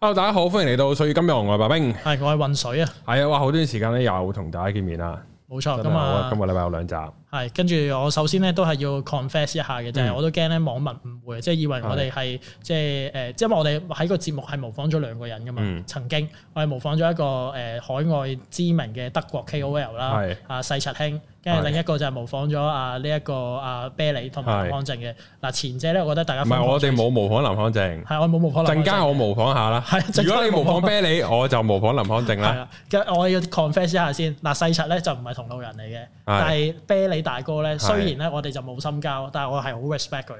Hello 大家好，歡迎嚟到《水與金融》，我係白兵，係我係渾水啊，係啊，哇，好短時間咧，又同大家見面啦，冇錯錯，好嘛今日，今個禮拜有兩集。係，跟住我首先咧都係要 confess 一下嘅就係，我都驚咧網民誤會，即係以為我哋係即係誒，因為我哋喺個節目係模仿咗兩個人噶嘛。曾經我係模仿咗一個誒海外知名嘅德國 KOL 啦，阿細柒兄，跟住另一個就係模仿咗阿呢一個阿啤梨同埋林康正嘅。嗱，前者咧我覺得大家唔係，我哋冇模仿林康正，係我冇模仿林康正。陣間我模仿下啦，如果你模仿啤梨，我就模仿林康正啦。其實我要 confess 一下先，嗱，細柒咧就唔係同路人嚟嘅，但係啤梨大哥咧，雖然咧我哋就冇深交，但係我係好 respect 佢。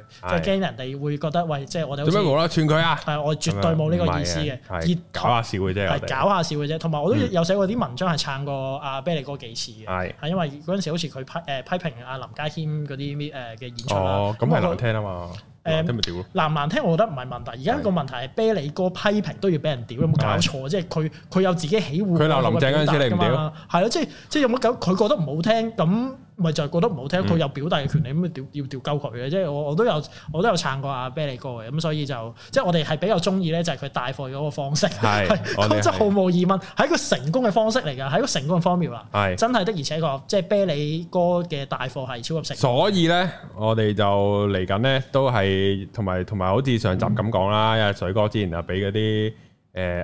就驚人哋會覺得喂，即係我哋點冇啦？串佢啊！係我絕對冇呢個意思嘅，搞下笑嘅啫。係搞下笑嘅啫。同埋我都有寫過啲文章係撐過阿啤梨哥幾次嘅。係，因為嗰陣時好似佢批誒批評阿林家謙嗰啲誒嘅演出咁係難聽啊嘛？聽咪難唔難聽？我覺得唔係問題。而家個問題係啤梨哥批評都要俾人屌，有冇搞錯啫？佢佢有自己喜惡。佢鬧林鄭嗰時，你唔屌？係咯，即係即係有冇搞？佢覺得唔好聽咁。咪就係覺得唔好聽，佢有表達嘅權利，咁咪調要調鳩佢嘅。即係我我都有我都有撐過阿啤梨哥嘅，咁所以就即係我哋係比較中意咧，就係佢帶貨嗰個方式，真係毫無疑問，係一個成功嘅方式嚟㗎，係一個成功嘅方面啦。係真係的，而且確即係啤梨哥嘅帶貨係超級成功。所以咧，我哋就嚟緊咧，都係同埋同埋好似上集咁講啦。阿水哥之前啊，俾嗰啲誒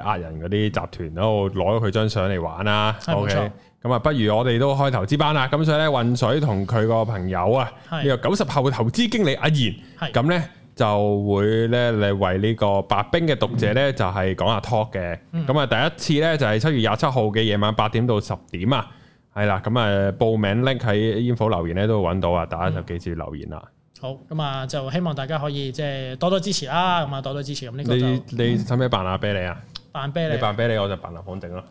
呃人嗰啲集團喺度攞咗佢張相嚟玩啦。O K。咁啊，不如我哋都開投資班啦，咁所以咧，渾水同佢個朋友啊，呢個九十後嘅投資經理阿言，咁咧是就會咧嚟為呢個白兵嘅讀者咧、嗯、就係講下 talk 嘅，咁啊、嗯、第一次咧就係、是、七月廿七號嘅夜晚八點到十點啊，係啦，咁啊報名 link 喺煙火留言咧都搵到啊，大家就記住留言啦、嗯。好，咁啊就希望大家可以即係多多支持啦、啊，咁啊多多支持咁呢。你你使咩辦啊？俾你啊。扮畀你，你扮畀你，我就扮林康正咯。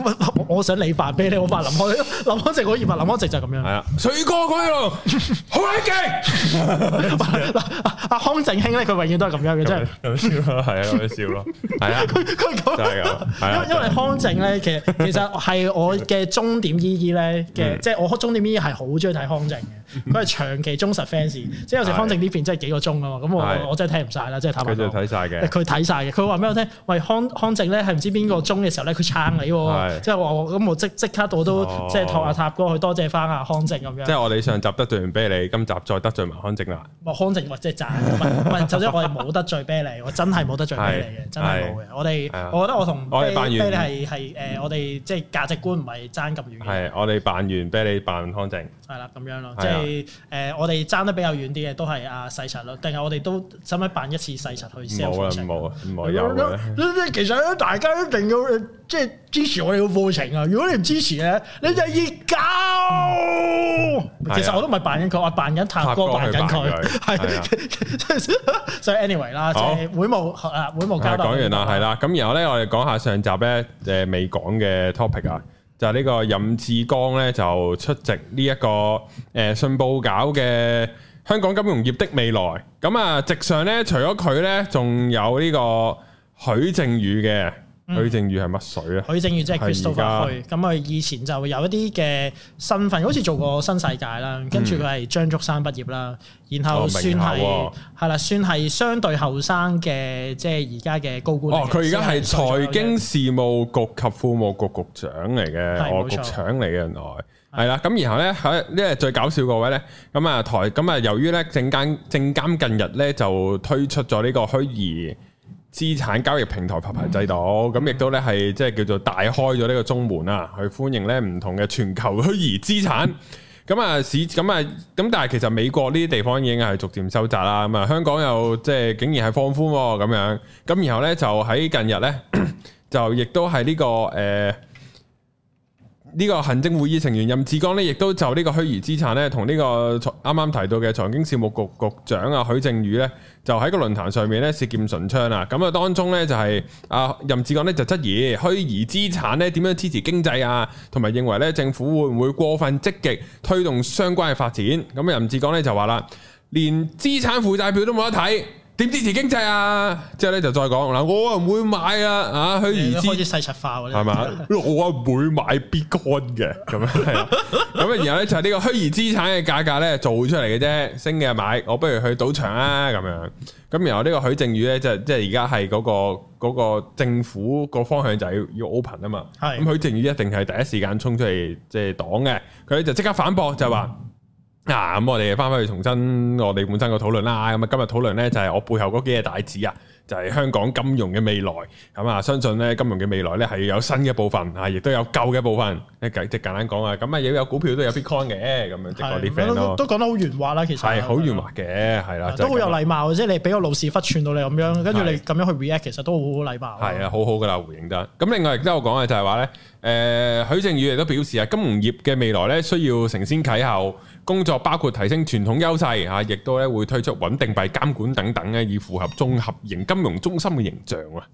我想你扮畀你，我扮林康林康正，我以扮林康正就咁樣。係啊，水哥區 開機 啊，開鏡。阿阿康正兄咧，佢永遠都係咁樣嘅，即係咁笑咯、就是，係啊， 咁樣笑咯，係啊。佢佢就係咁，因為因為康正咧，其實其實係我嘅終點意義咧嘅，即係 我終點意義係好中意睇康正佢係長期忠實 fans，即係有時康靜呢邊真係幾個鐘啊嘛，咁我我真係聽唔晒啦，即係塔佢就睇晒嘅，佢睇晒嘅。佢話畀我聽，喂康康靜咧係唔知邊個鐘嘅時候咧佢撐你喎，即係我咁我即即刻到都即係託阿塔哥去多謝翻阿康靜咁樣。即係我哋上集得罪完啤梨今集再得罪埋康靜啦。我康靜哇真係讚，唔唔就我哋冇得罪啤梨我真係冇得罪啤梨嘅，真係冇嘅。我哋我覺得我同我哋扮完啤梨係我哋即係價值觀唔係爭咁遠。係我哋扮完啤梨扮康靜，係啦咁樣咯，即係誒，我哋爭得比較遠啲嘅，都係阿細柒咯。定係我哋都使唔使辦一次細柒去先？冇啊，冇啊，唔好，有嘅。其實大家一定要即係支持我哋嘅課程啊！如果你唔支持咧，你就易教。其實我都唔係扮緊佢，我扮緊塔哥，扮緊佢。係所以 anyway 啦，即係會務啊，會務交代。講完啦，係啦。咁然後咧，我哋講下上集咧誒未講嘅 topic 啊。就係呢個任志剛咧，就出席呢、這、一個誒、呃、信報搞嘅香港金融業的未來。咁啊，席上咧，除咗佢咧，仲有呢個許正宇嘅。許、嗯、正宇係乜水啊？許正宇即係 Christopher Hui，咁佢以前就有一啲嘅身份，好似、嗯、做過新世界啦，跟住佢係張竹山畢業啦，嗯、然後算係係啦，算係相對後生嘅，即係而家嘅高官。哦，佢而家係財經事務局及庫務局局長嚟嘅，我局長嚟嘅原來，係啦、嗯。咁然後咧喺，呢係最搞笑個位咧，咁啊台，咁啊由於咧證監證監近日咧就推出咗呢個虛擬。資產交易平台發牌制度，咁亦都咧係即係叫做大開咗呢個中門啊，去歡迎咧唔同嘅全球虛擬資產。咁啊市，咁啊咁，但係其實美國呢啲地方已經係逐漸收窄啦。咁啊香港又即係竟然係放寬喎咁樣。咁然後咧就喺近日咧， 就亦都係呢個誒。呃呢個行政會議成員任志剛呢，亦都就呢個虛擬資產呢，同呢個啱啱提到嘅財經事務局局長啊許正宇呢，就喺個論壇上面呢，舌劍唇槍啦。咁啊當中呢，就係、是、啊任志剛呢，就質疑虛擬資產呢點樣支持經濟啊，同埋認為呢政府會唔會過分積極推動相關嘅發展？咁、嗯、任志剛呢，就話啦，連資產負債表都冇得睇。點支持經濟啊？之後咧就再講嗱，我唔會買啊！啊，虛擬資開始世俗化、啊，係嘛吧？ 我啊唔會買 Bitcoin 嘅咁樣，咁啊 然後咧就是、個虛擬資呢個虛擬資產嘅價格咧做出嚟嘅啫，升嘅買，我不如去賭場啊咁樣。咁然後呢個許正宇咧就即係而家係嗰個、那個政府個方向就係要 open 啊嘛。係咁許正宇一定係第一時間衝出嚟即係擋嘅，佢就即、是、刻反駁就話。嗯啊，咁、嗯、我哋翻返去重新我哋本身個討論啦。咁、嗯、啊，今日討論咧就係、是、我背後嗰幾隻大指啊，就係、是、香港金融嘅未來。咁、嗯、啊，相信咧金融嘅未來咧係有新嘅部分啊，亦都有舊嘅部分。一簡即係簡單講啊，咁啊要有股票有 BTC，都有 bitcoin 嘅，咁樣直過啲 friend 都講得好圓滑啦。其實係好圓滑嘅，係啦，都好有禮貌。即係對對你俾個老屎忽串到你咁樣，跟住你咁樣去 react，其實都好好禮貌。係啊，好好㗎喇回應得。咁另外亦都有講嘅就係話咧，誒、呃，許正宇亦都表示啊，金融業嘅未來咧需要承先啟後。工作包括提升傳統優勢，嚇，亦都咧會推出穩定幣監管等等咧，以符合綜合型金融中心嘅形象啊！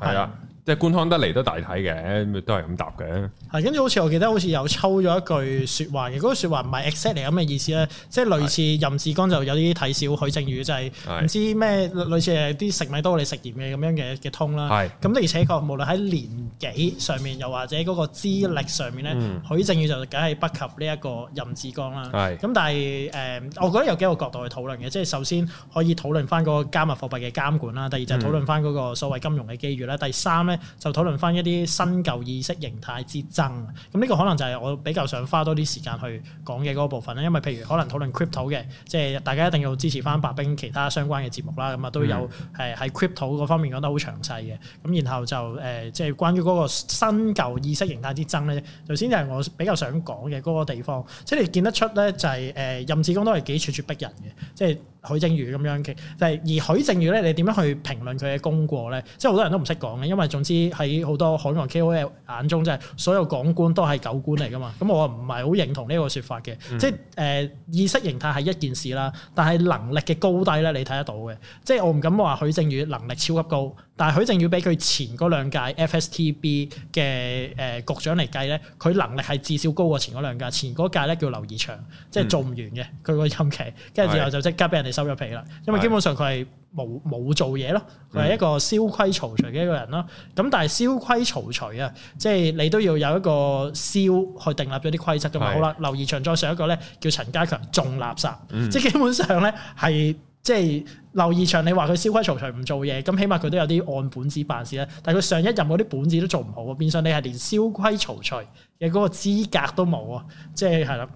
係啊。即係觀看得嚟都大體嘅，都係咁答嘅。係跟住好似我記得好似有抽咗一句説話嘅，嗰、那個説話唔係 exactly 嘅意思咧？是即係類似任志剛就有啲睇小許正宇，就係唔知咩類似係啲食米多過你食鹽嘅咁樣嘅嘅通啦。係咁，而且確無論喺年紀上面，又或者嗰個資歷上面咧，嗯、許正宇就梗係不及呢一個任志剛啦。係咁是，但係誒、呃，我覺得有幾個角度去討論嘅，即係首先可以討論翻個加密貨幣嘅監管啦，第二就係討論翻嗰個所謂金融嘅機遇啦，第三、嗯就討論翻一啲新舊意識形態之爭，咁呢個可能就係我比較想花多啲時間去講嘅嗰部分咧，因為譬如可能討論 Crypto 嘅，即係大家一定要支持翻白兵其他相關嘅節目啦，咁啊都有係喺 Crypto 嗰方面講得好詳細嘅，咁然後就誒即係關於嗰個新舊意識形態之爭咧，首先就係我比較想講嘅嗰個地方，即係你見得出咧就係誒任志剛都係幾咄咄逼人嘅，即係許正宇咁樣嘅，就係而許正宇咧你點樣去評論佢嘅功過咧？即係好多人都唔識講嘅，因為仲知喺好多海外 KOL 眼中，即係所有港官都係狗官嚟噶嘛？咁我唔係好認同呢個説法嘅。嗯、即係誒、呃、意識形態係一件事啦，但係能力嘅高低咧，你睇得到嘅。即係我唔敢話許正宇能力超級高，但係許正宇比佢前嗰兩屆 FSTB 嘅誒、呃、局長嚟計咧，佢能力係至少高過前嗰兩屆。前嗰屆咧叫劉怡翔，即係做唔完嘅佢個任期，跟住之後就即刻俾人哋收咗皮啦。是因為基本上佢係。冇冇做嘢咯，佢係一個蕭規曹隨嘅一個人啦。咁、嗯、但係蕭規曹隨啊，即係你都要有一個蕭去訂立咗啲規則嘅嘛。的好啦，劉怡翔再上一個咧，叫陳家強仲垃圾，嗯、即係基本上咧係即係劉怡翔。你話佢蕭規曹隨唔做嘢，咁起碼佢都有啲按本子辦事啦。但係佢上一任嗰啲本子都做唔好啊，變相你係連蕭規曹隨嘅嗰個資格都冇啊，即係係啦。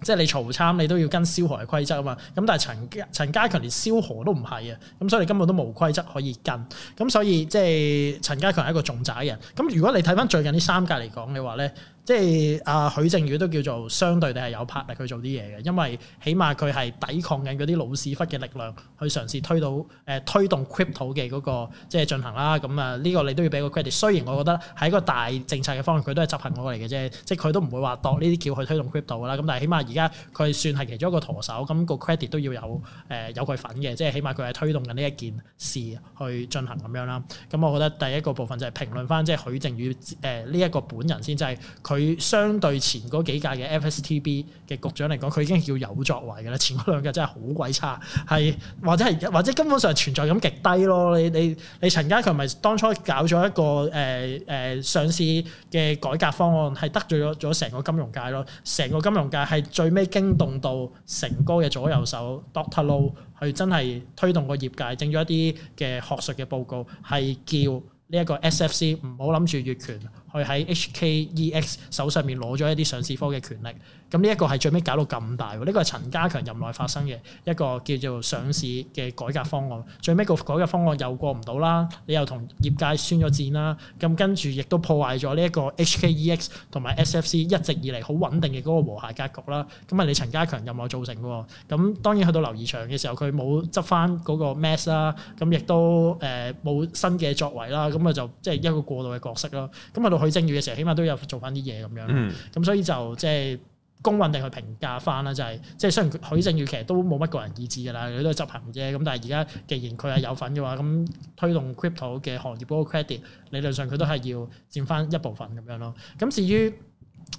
即係你曹參，你都要跟蕭何嘅規則啊嘛。咁但係陳陳家強連蕭何都唔係啊，咁所以你根本都冇規則可以跟。咁所以即係陳家強係一個重債人。咁如果你睇翻最近三呢三屆嚟講嘅話咧。即係阿、啊、許正宇都叫做相對地係有魄力去做啲嘢嘅，因為起碼佢係抵抗緊嗰啲老屎忽嘅力量去嘗試推到誒、呃、推動 crypto 嘅嗰、那個即係進行啦。咁啊呢、這個你都要俾個 credit。雖然我覺得喺個大政策嘅方面佢都係執行我嚟嘅啫，即係佢都唔會話度呢啲橋去推動 crypto 啦。咁但係起碼而家佢算係其中一個舵手，咁、那個 credit 都要有誒、呃、有佢份嘅，即係起碼佢係推動緊呢一件事去進行咁樣啦。咁、啊嗯、我覺得第一個部分就係評論翻即係許正宇誒呢一個本人先，即係。佢相對前嗰幾屆嘅 FSTB 嘅局長嚟講，佢已經叫有作為嘅啦。前嗰兩屆真係好鬼差，係或者係或者根本上存在感極低咯。你你你陳家強咪當初搞咗一個誒誒、呃呃、上市嘅改革方案，係得罪咗咗成個金融界咯。成個金融界係最尾驚動到成哥嘅左右手 Doctor Lau，去真係推動個業界整咗一啲嘅學術嘅報告，係叫呢一個 SFC 唔好諗住越權。佢喺 HKEX 手上面攞咗一啲上市科嘅權力，咁呢一個係最尾搞到咁大，呢、這個係陳家強任內發生嘅一個叫做上市嘅改革方案。最尾個改革方案又過唔到啦，你又同業界宣咗戰啦，咁跟住亦都破壞咗呢一個 HKEX 同埋 SFC 一直以嚟好穩定嘅嗰個和諧格局啦。咁啊，你陳家強任內造成嘅，咁當然去到劉怡翔嘅時候，佢冇執翻嗰個 mess 啦，咁亦都誒冇新嘅作為啦，咁啊就即、是、係一個過渡嘅角色咯。咁啊到。許正宇嘅時候起碼都有做翻啲嘢咁樣，咁、嗯、所以就即係公允地去評價翻啦，就係即係雖然許正宇其實都冇乜個人意志噶啦，佢都係執行啫。咁但係而家既然佢係有份嘅話，咁推動 crypto 嘅行業嗰個 credit 理論上佢都係要佔翻一部分咁樣咯。咁至於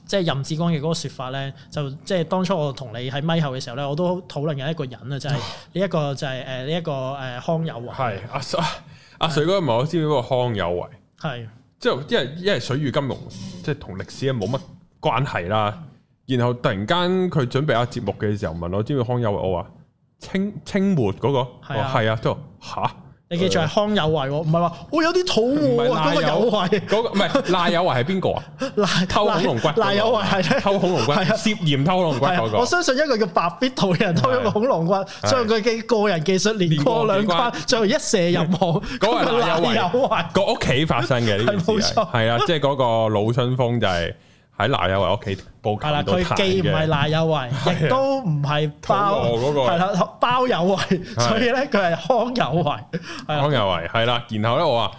即係任志剛嘅嗰個說法咧，就即係當初我同你喺咪後嘅時候咧，我都討論緊一個人啊，就係呢一個就係誒呢一個誒康有為係阿水，阿水哥唔係，我知唔知個康有為係？唉即係，因為因為水與金融，即係同歷史冇乜關係啦。然後突然間佢準備下節目嘅時候，問我知唔知康有為啊？我話清清末嗰個，係啊，都吓。你記住係康有為喎，唔係話我有啲肚餓啊！嗰個有為嗰個唔係賴有為係邊個啊？賴偷恐龍骨，賴有為係偷恐龍骨，涉嫌偷恐龍骨。我相信一個叫白必桃嘅人偷咗個恐龍骨，將佢嘅個人技術連過兩關，最後一射入網。嗰個賴有為，個屋企發生嘅呢件事係啊，即係嗰個老春風就係。喺賴有為屋企煲，係啦。佢既唔係賴有為，亦都唔係包，係啦、啊、包有為。所以咧，佢係康有為。康有為係啦。然後咧，呃、我話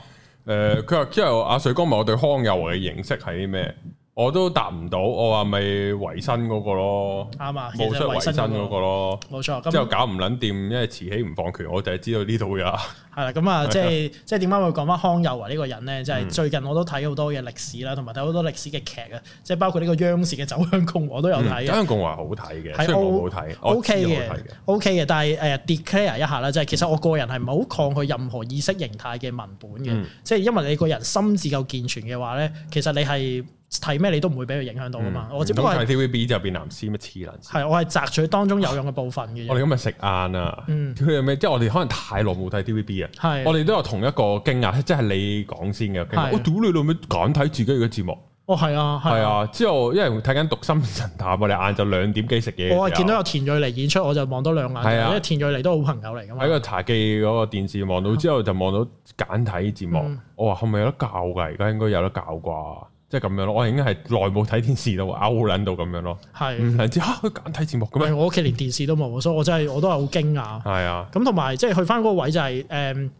誒，佢話之後阿水哥，問我對康有為嘅認識係啲咩？我都答唔到，我話咪維新嗰個咯，啱啊，冇出維新嗰個咯，冇錯，之後搞唔撚掂，因為慈禧唔放權，我就係知道呢度呀。係啦，咁啊，即係即係點解會講翻康有為呢個人咧？即係最近我都睇好多嘅歷史啦，同埋睇好多歷史嘅劇啊，即係包括呢個央視嘅《走向共和》我都有睇，嗯，《走向共和》好睇嘅，雖然我冇睇，O K 嘅，O K 嘅，但係誒、uh, declare 一下啦，即係其實我個人係唔好抗拒任何意識形態嘅文本嘅，即係，嗯，因為你個人心智夠健全嘅話咧，其實你係。睇咩你都唔會俾佢影響到噶嘛，我只不過睇 TVB 就變藍絲乜黐撚。係，我係摘取當中有用嘅部分嘅。我哋今日食晏啊？佢係咩？即係我哋可能太耐冇睇 TVB 啊。我哋都有同一個驚訝，即係你講先嘅。我屌你老母簡體自己嘅節目。哦，係啊。係啊。之後因為睇緊《讀心神探》，我哋晏就兩點幾食嘢。我啊見到有田蕊妮演出，我就望多兩眼。係啊。因為田蕊妮都好朋友嚟噶嘛。喺個茶記嗰個電視望到之後，就望到簡體節目。我話係咪有得教噶？而家應該有得教啩。即係咁樣咯，我已經係耐冇睇電視到，歐捻到咁樣咯。係唔知吓佢揀睇節目咁樣？的啊、樣我屋企連電視都冇，所以我真係我都係好驚訝。係啊的，咁同埋即係去翻嗰個位就係、是、誒，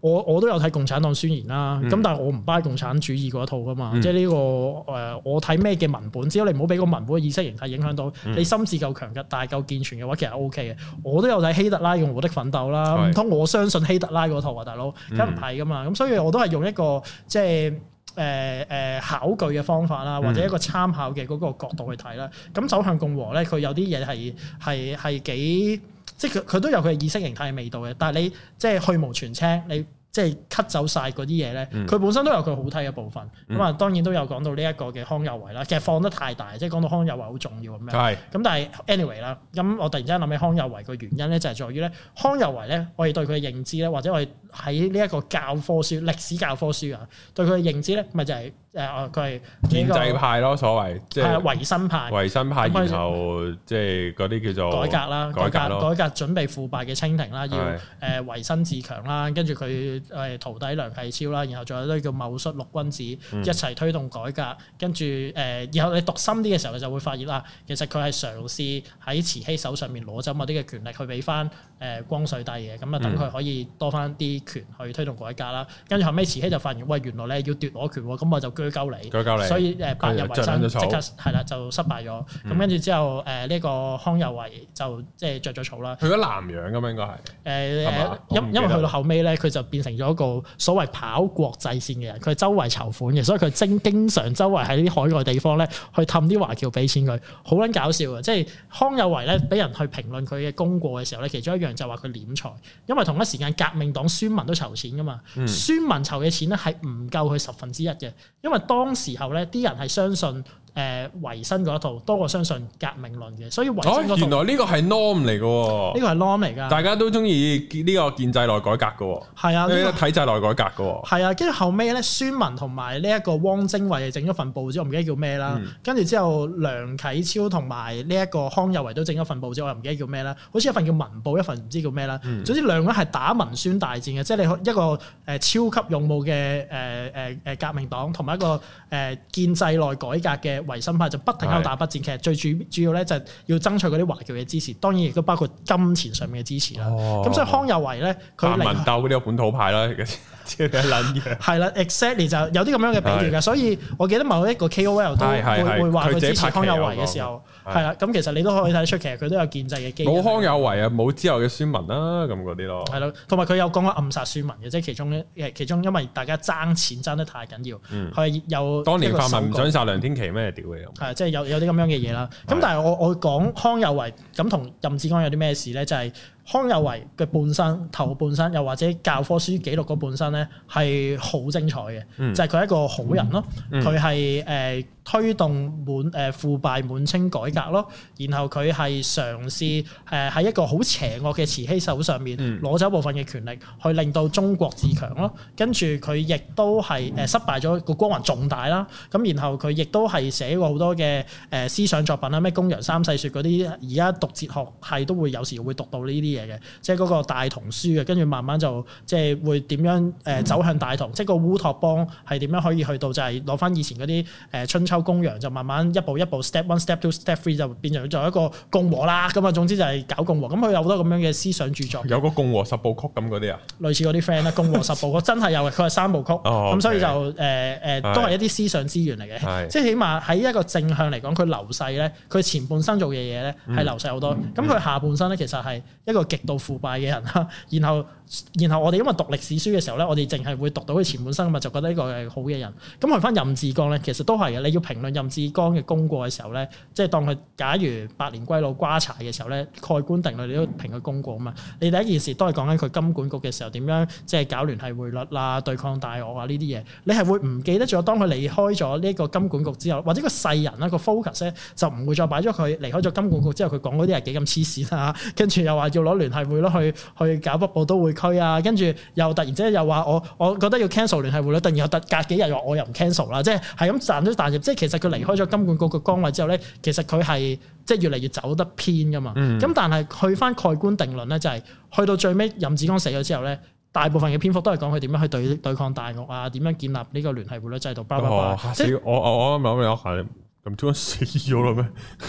我、嗯、我都有睇共產黨宣言啦。咁、嗯、但係我唔 buy 共產主義嗰套噶嘛。嗯、即係呢、這個誒，我睇咩嘅文本，只要你唔好俾個文本嘅意識形態影響到、嗯、你心智夠強嘅，但係夠健全嘅話，其實 O K 嘅。我都有睇希特拉用我的奮鬥啦，唔通的我相信希特拉嗰套啊，大佬？梗唔係噶嘛。咁所以我都係用一個，用一個即係。即誒誒、呃呃、考據嘅方法啦，或者一個參考嘅嗰個角度去睇啦。咁、嗯、走向共和咧，佢有啲嘢係係係幾，即係佢佢都有佢嘅意識形態嘅味道嘅。但係你即係去無全青你。即係 cut 走晒嗰啲嘢咧，佢、嗯、本身都有佢好睇嘅部分。咁啊、嗯，當然都有講到呢一個嘅康有為啦。其實放得太大，即係講到康有為好重要咁樣。咁是但係 anyway 啦，咁我突然之間諗起康有為個原因咧，就係在於咧，康有為咧，我哋對佢嘅認知咧，或者我哋喺呢一個教科書歷史教科書啊，對佢嘅認知咧，咪就係、是。誒佢係建制派咯，所謂即係維新派，維新派，然後即係嗰啲叫做改革啦，改革，改革，準備腐敗嘅清廷啦，的要誒，呃，維新自強啦，跟住佢誒徒弟梁啟超啦，然後仲有啲叫戊戌六君子一齊推動改革，跟住誒，然後，呃，以後你讀深啲嘅時候，你就會發現啊，其實佢係嘗試喺慈禧手上面攞走某啲嘅權力，去俾翻誒光緒帝嘅，咁啊等佢可以多翻啲權去推動改革啦。跟住後尾，慈禧就發現，喂，原來你要奪我權喎，咁我就。佢救你，所以誒，百日維新即刻係啦，就失敗咗。咁跟住之後，誒、呃、呢、呢個康有為就即係著咗草啦。去咗南洋咁啊，應該係因、呃、吧因為去到後尾咧，佢就變成咗一個所謂跑國際線嘅人。佢係周圍籌款嘅，所以佢經經常周圍喺啲海外地方咧去氹啲華僑俾錢佢，好撚搞笑嘅。即係康有為咧，俾人去評論佢嘅功過嘅時候咧，其中一樣就話佢斂財，因為同一時間革命黨孫文都籌錢噶嘛，孫文籌嘅錢咧係唔夠佢十分之一嘅，因為當時候咧，啲人係相信，誒、呃、維新嗰一套多過相信革命論嘅，所以維新嗰原來呢個係 norm 嚟嘅，呢個係 norm 嚟㗎，大家都中意呢個建制內改革嘅，係啊，呢、呢個體制內改革嘅，係啊，跟住後尾咧，孫文同埋呢一個汪精衛整咗份報紙，我唔記得叫咩啦，跟住、嗯、之後梁啟超同埋呢一個康有為都整咗份報紙，我又唔記得叫咩啦，好似一份叫文報，一份唔知叫咩啦，嗯、總之兩位係打文宣大戰嘅，即係你一個誒超級勇武嘅誒誒誒革命黨同埋一個誒建制內改革嘅。維新派就不停喺度打筆戰，其實最主主要咧就係要爭取嗰啲華僑嘅支持，當然亦都包括金錢上面嘅支持啦。咁、哦、所以康有為咧，佢嚟、啊、鬥呢個本土派啦，超捻嘅。係啦，exactly 就有啲咁樣嘅比喻嘅，的所以我記得某一個 KOL 都會的會話佢支持康有為嘅時候。係啦，咁其實你都可以睇得出，其實佢都有建制嘅基因。冇康有為啊，冇之後嘅孫文啦、啊，咁嗰啲咯。係咯，同埋佢有講過暗殺孫文嘅，即係其中一，其中因為大家爭錢爭得太緊要，係、嗯、有。當年泛民唔想殺梁天琦咩？屌嘅。係、就是，即係有有啲咁樣嘅嘢啦。咁、嗯、但係我我講康有為咁同任志剛有啲咩事咧？就係、是。康有為嘅半生，頭半生又或者教科書記錄嗰半生咧，係好精彩嘅，就係佢係一個好人咯。佢係誒推動滿誒、呃、腐敗滿清改革咯，然後佢係嘗試誒喺一個好邪惡嘅慈禧手上面攞走部分嘅權力，去令到中國自強咯。跟住佢亦都係誒失敗咗，個光環仲大啦。咁然後佢亦都係寫過好多嘅誒思想作品啊咩《公羊三世說》嗰啲，而家讀哲學系都會有時會讀到呢啲。嘢嘅，即係嗰個大同書嘅，跟住慢慢就即係會點樣誒、呃、走向大同，即係個烏托邦係點樣可以去到？就係攞翻以前嗰啲誒春秋公羊，就慢慢一步一步 step one step two step three 就變成咗一個共和啦，咁啊，總之就係搞共和。咁、嗯、佢有好多咁樣嘅思想著作，有個共和十部曲咁嗰啲啊，類似嗰啲 friend 啦，共和十部曲真係有嘅，佢係三部曲，咁、 哦、okay, 所以就誒誒、呃呃、都係一啲思想資源嚟嘅，即係是起碼喺一個正向嚟講，佢流逝咧，佢前半生做嘅嘢咧係流逝好多，咁佢、嗯嗯嗯、下半生咧其實係一個。極度腐敗嘅人啊，然後然後我哋因為讀歷史書嘅時候咧，我哋淨係會讀到佢前半生啊嘛，就覺得呢個係好嘅人。咁去翻任志剛咧，其實都係嘅。你要評論任志剛嘅功過嘅時候咧，即係當佢假如百年歸老瓜柴嘅時候咧，蓋棺定論，你都評佢功過啊嘛。你第一件事都係講緊佢金管局嘅時候點樣，即係搞聯繫匯率啦、對抗大鱷啊呢啲嘢。你係會唔記得咗當佢離開咗呢個金管局之後，或者個世人啦個 focus 咧，就唔會再擺咗佢離開咗金管局之後佢講嗰啲係幾咁黐線啦。跟住又話要攞。聯繫匯率去去搞北部都會區啊，跟住又突然之間又話我我覺得要 cancel 聯繫匯率，突然又突隔幾日又我又唔 cancel 啦，即係係咁賺咗大熱。即係其實佢離開咗金管局個崗位之後咧，其實佢係即係越嚟越走得偏噶嘛。咁、嗯、但係去翻蓋棺定論咧，就係、是、去到最尾任志剛死咗之後咧，大部分嘅篇幅都係講佢點樣去對對抗大鱷啊，點樣建立呢個聯繫匯率制度。包括。係我我我諗嘢啊。咁點解死咗啦？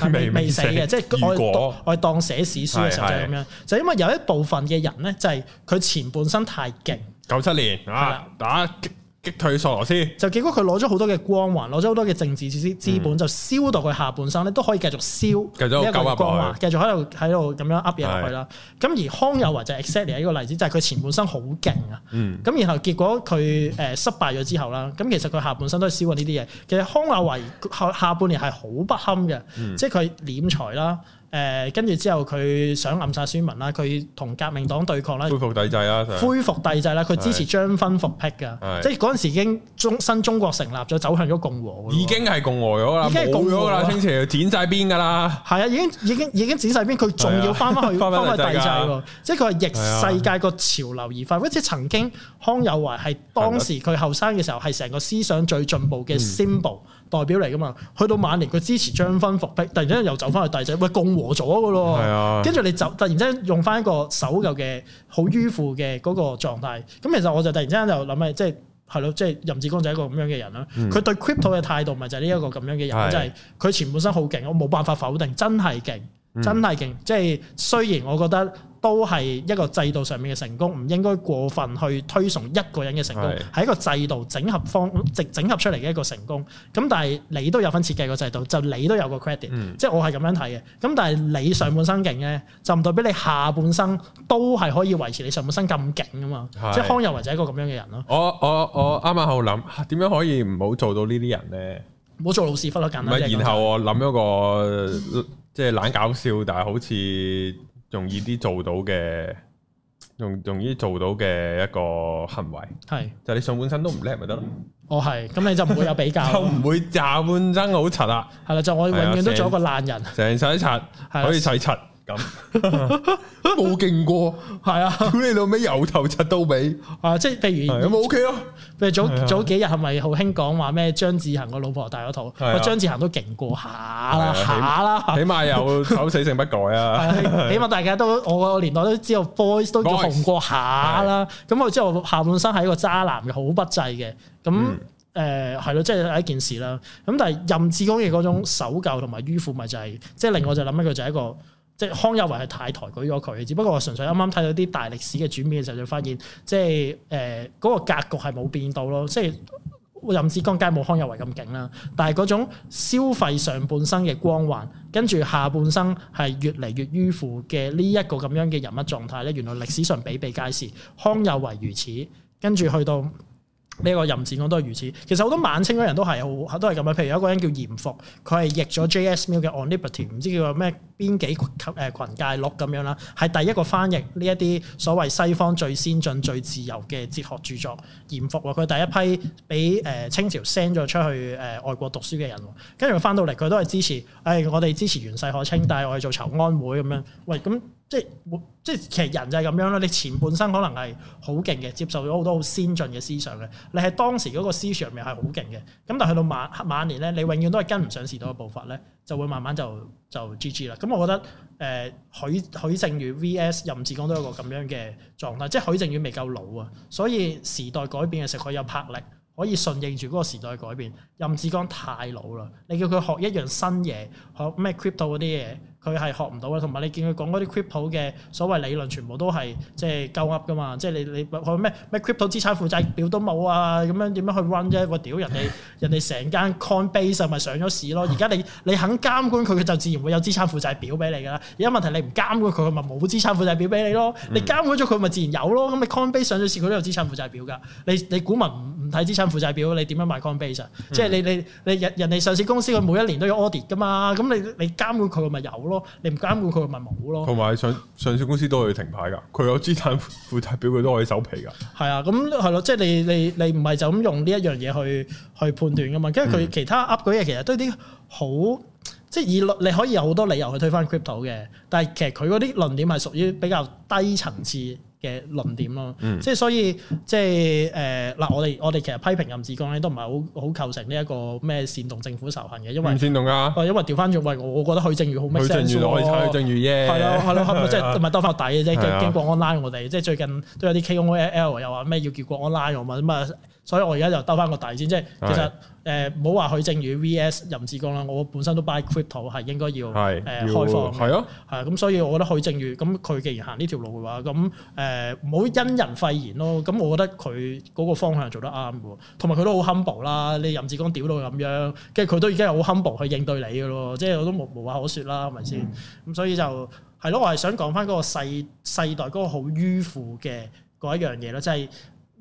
咩？未未 寫死嘅，即係過我我當寫史書嘅時候就係咁樣，係係就因為有一部分嘅人咧，就係、是、佢前半生太勁。九七年啊，打的。啊擊退索羅斯，就結果佢攞咗好多嘅光環，攞咗好多嘅政治資資本，嗯、就燒到佢下半生咧都可以繼續燒，繼續光環，繼續喺度喺度咁樣 up 嘢落是的 去啦。咁而康有為就 exactly 一個例子，就係、是、佢前半生好勁啊，咁、嗯、然後結果佢誒失敗咗之後啦，咁其實佢下半生都係燒過呢啲嘢。其實康有為下下半年係好不堪嘅，嗯、即係佢斂財啦。誒，跟住之後佢想暗殺孫文啦，佢同革命黨對抗啦，恢復帝制啊，恢復帝制啦，佢支持張勳復辟㗎，即係嗰陣時已經中新中國成立咗，走向咗共和，已經係共和咗啦，冇咗啦，清朝剪晒邊㗎啦，係啊，已經已經已經剪曬邊，佢仲要翻返去翻返帝制喎，即係佢係逆世界個潮流而發，即係曾經康有為係當時佢後生嘅時候係成個思想最進步嘅 symbol 代表嚟㗎嘛，去到晚年佢支持張勳復辟，突然間又走翻去帝制，喂共和。磨咗嘅咯，跟住你就突然之間用翻一個守舊嘅、好迂腐嘅嗰個狀態。咁其實我就突然之間就諗起，即係係咯，即、就、係、是就是、任志剛就係一個咁樣嘅人啦。佢、嗯、對 crypto 嘅態度咪就係呢一個咁樣嘅人，嗯、就係佢前半生好勁，我冇辦法否定，真係勁，真係勁。即係、嗯就是、雖然我覺得。都係一個制度上面嘅成功，唔應該過分去推崇一個人嘅成功，係是一個制度整合方整合出嚟嘅一個成功。咁但係你都有份設計個制度，就你都有個 credit，、嗯、即係我係咁樣睇嘅。咁但係你上半身勁呢，就唔代表你下半身都係可以維持你上半身咁勁啊嘛。是即係康有為就係一個咁樣嘅人咯。我我我啱啱後諗點樣可以唔好做到呢啲人呢？唔好做老師忽咯，簡單啲，唔係。然後我諗一個即係懶搞笑，但係好似。容易啲做到嘅，容容易做到嘅一個行為，係是就你上半身都唔叻咪得咯。哦，係，咁你就唔會有比較，就唔 會下半身好柒啦，啊。係啦，就我永遠都做一個爛人，成世柒，可以洗柒。的咁冇勁過，係啊！屌你老尾，由頭窒到尾啊！即係譬如咁 OK 咯。譬如早早幾日係咪好興講話咩？張致恒個老婆戴咗套，個張致恒都勁過下啦下啦，起碼有口死性不改啊！起碼大家都我個年代都知道，boys 都紅過下啦。咁我之後下半生係一個渣男嘅，好不濟嘅。咁誒係咯，即係一件事啦。咁但係任志剛嘅嗰種守舊同埋迂腐，咪就係即係令我就諗起佢就係一個。即係康有為係太抬舉咗佢，只不過我純粹啱啱睇到啲大歷史嘅轉變嘅時候就發現，即係誒嗰個格局係冇變到咯。即係任志剛梗冇康有為咁勁啦，但係嗰種消費上半生嘅光環，跟住下半生係越嚟越迂腐嘅呢一個咁樣嘅人物狀態咧，原來歷史上比比皆是，康有為如此，跟住去到呢個任志剛都係如此。其實好多晚清嘅人都係好都係咁樣，譬如有一個人叫嚴復，佢係譯咗 J S Mill 嘅《On Liberty》，唔知叫個咩？邊幾群誒群介錄咁樣啦，係第一個翻譯呢一啲所謂西方最先進、最自由嘅哲學著作，嚴復佢第一批俾誒清朝 send 咗出去誒外國讀書嘅人，跟住佢翻到嚟佢都係支持，誒、哎、我哋支持袁世凱，稱帝，我去做籌安會咁樣，喂咁即係即係其實人就係咁樣啦，你前半生可能係好勁嘅，接受咗好多好先進嘅思想嘅，你係當時嗰個思想入面係好勁嘅，咁但係去到晚晚年咧，你永遠都係跟唔上時代嘅步伐咧。就會慢慢就就 G.G. 啦，咁我覺得誒、呃、許許正宇 V.S. 任志剛都有個咁樣嘅狀態，即係許正宇未夠老啊，所以時代改變嘅時候，佢有魄力可以順應住嗰個時代改變。任志剛太老啦，你叫佢學一樣新嘢，學咩 crypto 嗰啲嘢。佢係學唔到啦，同埋你見佢講嗰啲 crypto 嘅所謂理論，全部都係即係鳩噏噶嘛！即係你你咩咩 crypto 資產負債表都冇啊，咁樣點樣去 run 啫？我屌人哋 人哋成間 coinbase 咪上咗市咯！而家你你肯監管佢，佢就自然會有資產負債表俾你噶啦。而家問題你唔監管佢，咪冇資產負債表俾你咯。你監管咗佢，咪自然有咯。咁你 coinbase 上咗市，佢都有資產負債表噶。你你股民唔睇資產負債表，你點樣買 coinbase 啊？ 即係你你你人哋上市公司佢每一年都要 audit 噶嘛？咁你你，你監管佢咪有咯？你唔監管佢，咪冇咯。同埋上上市公司都可以停牌噶，佢有資產負債表，佢都可以收皮噶。係啊，咁係咯，即係、啊就是、你你你唔係就咁用呢一樣嘢去去判斷噶嘛，因為佢其他 Up 嗰啲嘢其實都係啲好，即、就、係、是、以你可以有好多理由去推翻 Crypto 嘅，但係其實佢嗰啲論點係屬於比較低層次。嘅論點咯、嗯，即係所以即係誒嗱，我哋我哋其實批評任志剛咧都唔係好好構成呢一個咩煽動政府仇恨嘅，因為唔煽動噶、啊，因為調翻轉喂，我覺得許正宇好乜嘢，許正宇我係睇許正宇啫，係咯係咯，即係咪係兜翻底嘅啫，經過 online 我哋即係最近都有啲 K O L 又話咩要叫過 online 我嘛咁啊！所以我而家就兜翻個底先，即係其實誒唔好話許正宇 V.S. 任志剛啦，我本身都 buy crypto 係應該要誒開放嘅，係咯，係啊，咁所以我覺得許正宇咁佢既然行呢條路嘅話，咁誒唔好因人廢言咯。咁我覺得佢嗰個方向做得啱嘅，同埋佢都好 humble 啦。你任志剛屌到咁樣，跟住佢都已經係好 humble 去應對你嘅咯，即係我都冇無，無話可説啦，係咪先？咁、嗯、所以就係咯，我係想講翻嗰個世、嗰個、世代嗰、嗰個好迂腐嘅嗰一樣嘢咯，即係。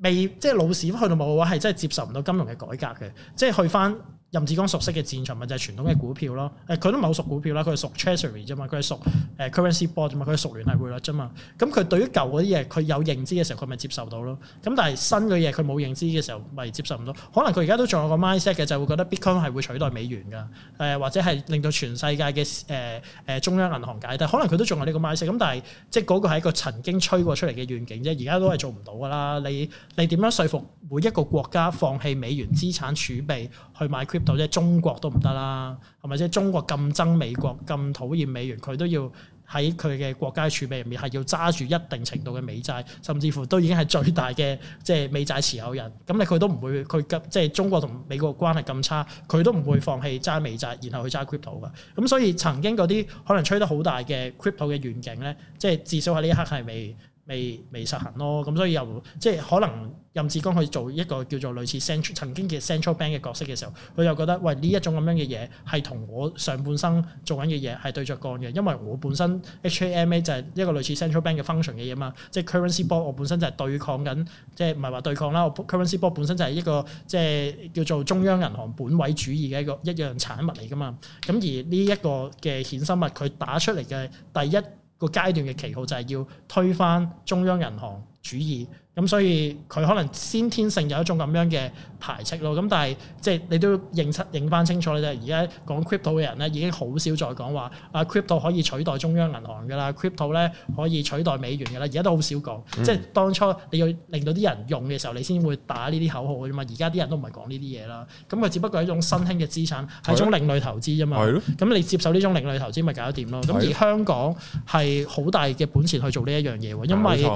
未即係老屎去到冇嘅話，係真係接受唔到金融嘅改革嘅，即係去翻。任志剛熟悉嘅戰場咪就係傳統嘅股票咯，誒佢都冇熟股票啦，佢係熟 treasury 啫嘛，佢係熟誒 currency board 啫嘛，佢係熟聯繫匯率啫嘛。咁佢對於舊嗰啲嘢，佢有認知嘅時候，佢咪接受到咯，咁但係新嘅嘢佢冇認知嘅時候咪接受唔到。可能佢而家都仲有個 mindset 嘅，就係會覺得 bitcoin 係會取代美元噶，誒或者係令到全世界嘅誒誒中央銀行解體，可能佢都仲有呢個 mindset。咁但係即係嗰個係一個曾經吹過出嚟嘅願景啫，而家都係做唔到噶啦。你你點樣說服每一個國家放棄美元資產儲備去買即係中國都唔得啦，係咪？即係中國咁憎美國，咁討厭美元，佢都要喺佢嘅國家儲備入面係要揸住一定程度嘅美債，甚至乎都已經係最大嘅即係美債持有人。咁你佢都唔會，佢即係中國同美國關係咁差，佢都唔會放棄揸美債，然後去揸 crypto 噶。咁所以曾經嗰啲可能吹得好大嘅 crypto 嘅願景咧，即係至少喺呢一刻係未，未未實行咯，咁所以又，即係可能任志剛去做一個叫做類似 central 曾經嘅 central bank 嘅角色嘅時候，佢又覺得喂，呢一種咁樣嘅嘢係同我上半生做緊嘅嘢係對着幹嘅，因為我本身 HKMA 就係一個類似 central bank 嘅 function 嘅嘢嘛，即係 currency board 我本身就係對抗緊，即係唔係話對抗啦，currency board 本身就係一個即係叫做中央銀行本位主義嘅一個一樣產物嚟㗎嘛，咁而呢一個嘅衍生物佢打出嚟嘅第一個階段嘅旗號，就係要推翻中央銀行主義。咁、嗯、所以佢可能先天性有一種咁樣嘅排斥咯。咁但係，即係，你都認出認翻清楚咧，就係而家講 crypto 嘅人咧已經好少再講話，啊，crypto 可以取代中央銀行噶啦，crypto 咧可以取代美元噶啦。而家都好少講，嗯、即係當初你要令到啲人用嘅時候，你先會打呢啲口號啫嘛。而家啲人都唔係講呢啲嘢啦。咁佢只不過係一種新興嘅資產，係的一種另類投資啫嘛。咁的你接受呢種另類投資咪搞掂咯。咁的而香港係好大嘅本錢去做呢一樣嘢的因為。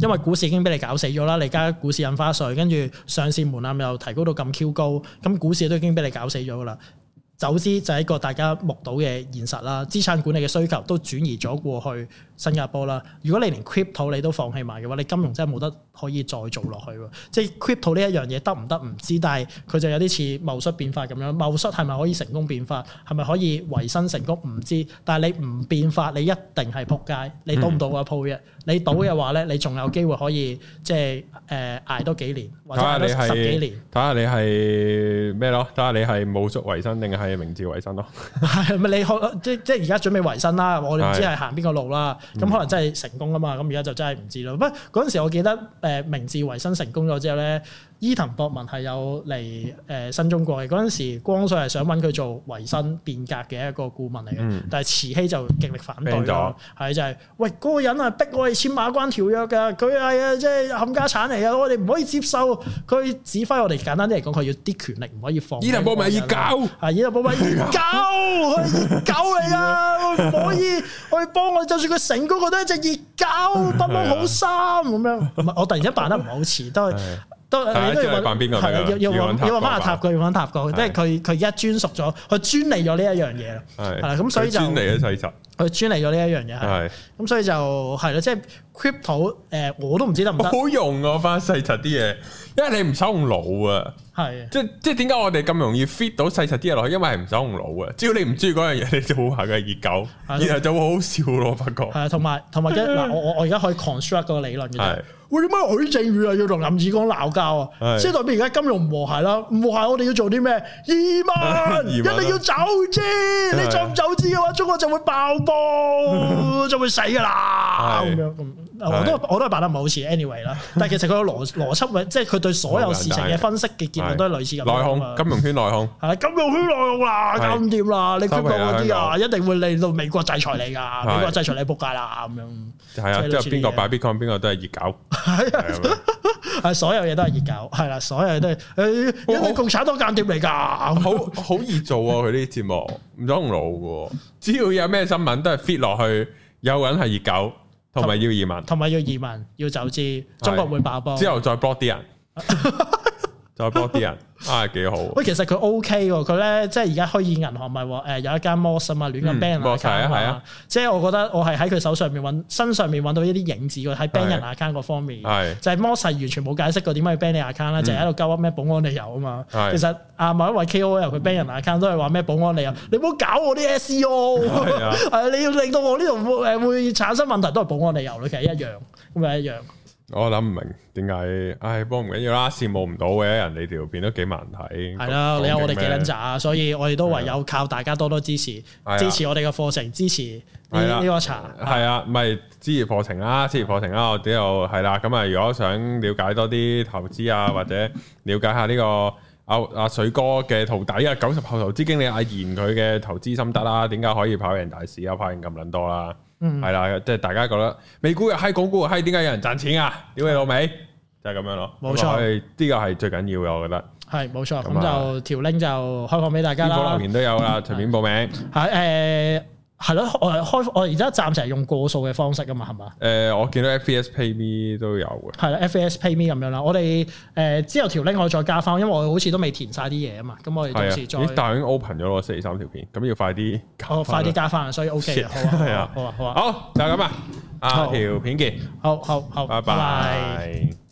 因為股市已經俾你搞死咗啦，你加股市印花稅，跟住上市門檻又提高到咁 Q 高，咁股市都已經俾你搞死咗噶啦，走資就係一個大家目睹嘅現實啦。資產管理嘅需求都轉移咗過去。新加坡啦，如果你連 crypto 你都放棄埋嘅話，你金融真係冇得可以再做落去喎。即係 crypto 呢一樣嘢得唔得唔知，但係佢就有啲似戊戌變法咁樣。戊戌係咪可以成功變法？係咪可以維新成功？唔知。但係你唔變法，你一定係撲街，你賭唔賭個鋪嘅、嗯。你賭嘅話咧，你仲有機會可以即係誒捱多幾年，或者捱多十幾年。睇下你係咩咯？睇下你係戊戌維新定係明治維新咯？係咪你即即係而家準備維新啦？我哋唔知係行邊個路啦。咁可能真係成功啊嘛，咁而家就真係唔知囉。不過嗰陣時我記得，誒明治維新成功咗之後咧。伊藤博文係有嚟誒新中國嘅嗰陣時，光緒係想揾佢做維新變革嘅一個顧問嚟嘅，嗯、但係慈禧就極力反對咯。係就係、是、喂嗰個人啊，逼我哋簽馬關條約㗎，佢係啊即係冚家鏟嚟㗎，我哋唔可以接受。佢指揮我哋簡單啲嚟講，佢要啲權力唔可以放。伊藤博文係熱狗，係伊藤博文熱狗，係熱狗嚟㗎，我唔可以去幫我，就算佢成個都係隻熱狗，幫我好心咁樣。我突然間扮得唔係好似，但係。都你都要揾邊個？要要揾要揾摩亞塔嘅，要揾塔嘅，即係佢佢而家專屬咗，佢專利咗呢一樣嘢啦，係咁所以就。佢專嚟咗呢一樣嘢係，咁所以就係咯，即係 crypto 誒我都唔知得唔得。好用啊，翻細實啲嘢，因為你唔使用腦啊，係即即點解我哋咁容易 fit 到細實啲嘢落去？因為係唔使用腦啊。只要你唔中意嗰樣嘢，你就好下嘅熱狗，然後就會好笑咯，發覺係啊。同埋同埋嘅嗱，我我而家可以 construct 嗰個理論嘅，喂，點解許正宇啊要同任志剛鬧交啊？即係代表而家金融唔和諧啦，唔和諧我哋要做啲咩？移民一定要走資，你再唔走資嘅話，中國就會爆。就會死噶啦咁樣咁，我都我都係扮得唔好似 anyway 啦，但係其實佢個邏邏輯即係佢對所有事情嘅分析嘅結論都係類似咁啊嘛，金融圈內控係金融圈內控啦，咁點啦？你出過嗰啲啊，一定會嚟到美國制裁你噶，美國制裁你仆街啦咁樣。係啊，即係邊個擺 Bitcoin，邊個都係熱狗，係所有嘢都係熱狗，係啦、啊，所有嘢都係，因、哎、為共產黨都間諜嚟噶，好好易做佢呢啲節目唔用腦嘅，只要有咩新聞都係 fit 落去，有人係熱狗，同埋要移民，同埋要移民，要走資， 中國會爆波，之後再 block 啲人， 再 block 啲人。 啊，幾好！喂，其實佢 OK 喎，佢咧即係而家虛擬銀行咪話誒，有一間摩斯啊，亂咁 ban 人 account 啊嗎即係我覺得我係喺佢手上面揾身上面揾到呢啲影子喺 ban 人 account 個方面，是就係摩斯完全冇解釋過點解要 ban 人 account 啦，是就係喺度鳩噏咩保安理由啊嘛。是其實啊，某一位 KOL 佢 ban 人 account 都係話咩保安理由，是你唔好搞我啲 SEO，係你要令到我呢度誒會產生問題都係保安理由咯，其實一樣咁咪，就是、一樣。我諗唔明點解，唉，不過唔緊要啦，羨慕唔到嘅人，你條片都幾難睇。係啦、啊，你有我哋幾撚渣，所以我哋都唯有靠大家多多支持，是啊、支持我哋嘅課程，支持呢呢個茶。係是啊，啊，咪、啊就是、支持課程啦，支持課程啦，我哋又係啦。咁啊，如果想了解多啲投資啊，或者了解下呢、這個阿阿、啊、水哥嘅徒弟啊，九十後投資經理阿言佢嘅投資心得啦，點解可以跑贏大市啊，跑贏咁撚多啦。嗯，係啦，即 係、就是、大家覺得美股又嗨，港股又嗨，點解有人賺錢啊？屌你老味，就係、是、咁樣咯，冇錯錯，呢個係最緊要嘅，我覺得係冇錯。咁錯、嗯、就條 link 就開放俾大家啦。留言都有啦，隨 便報名。係誒。 啊欸係咯，我開我而家暫時係用過數嘅方式噶嘛，係嘛？誒、呃，我見到 FPS PayMe 都有嘅。係啦 FPS PayMe 咁樣啦，我哋誒、呃、之後條 link 我再加翻，因為我好似都未填晒啲嘢啊嘛，咁我哋到時再。咦？但已經 open 咗四三條片，咁要快啲，我快啲加翻，所以 O、OK、K 啊。好啊好啊，好,啊好,啊好，就咁啊，下條、嗯、好片見好。好，好，好，拜拜。拜拜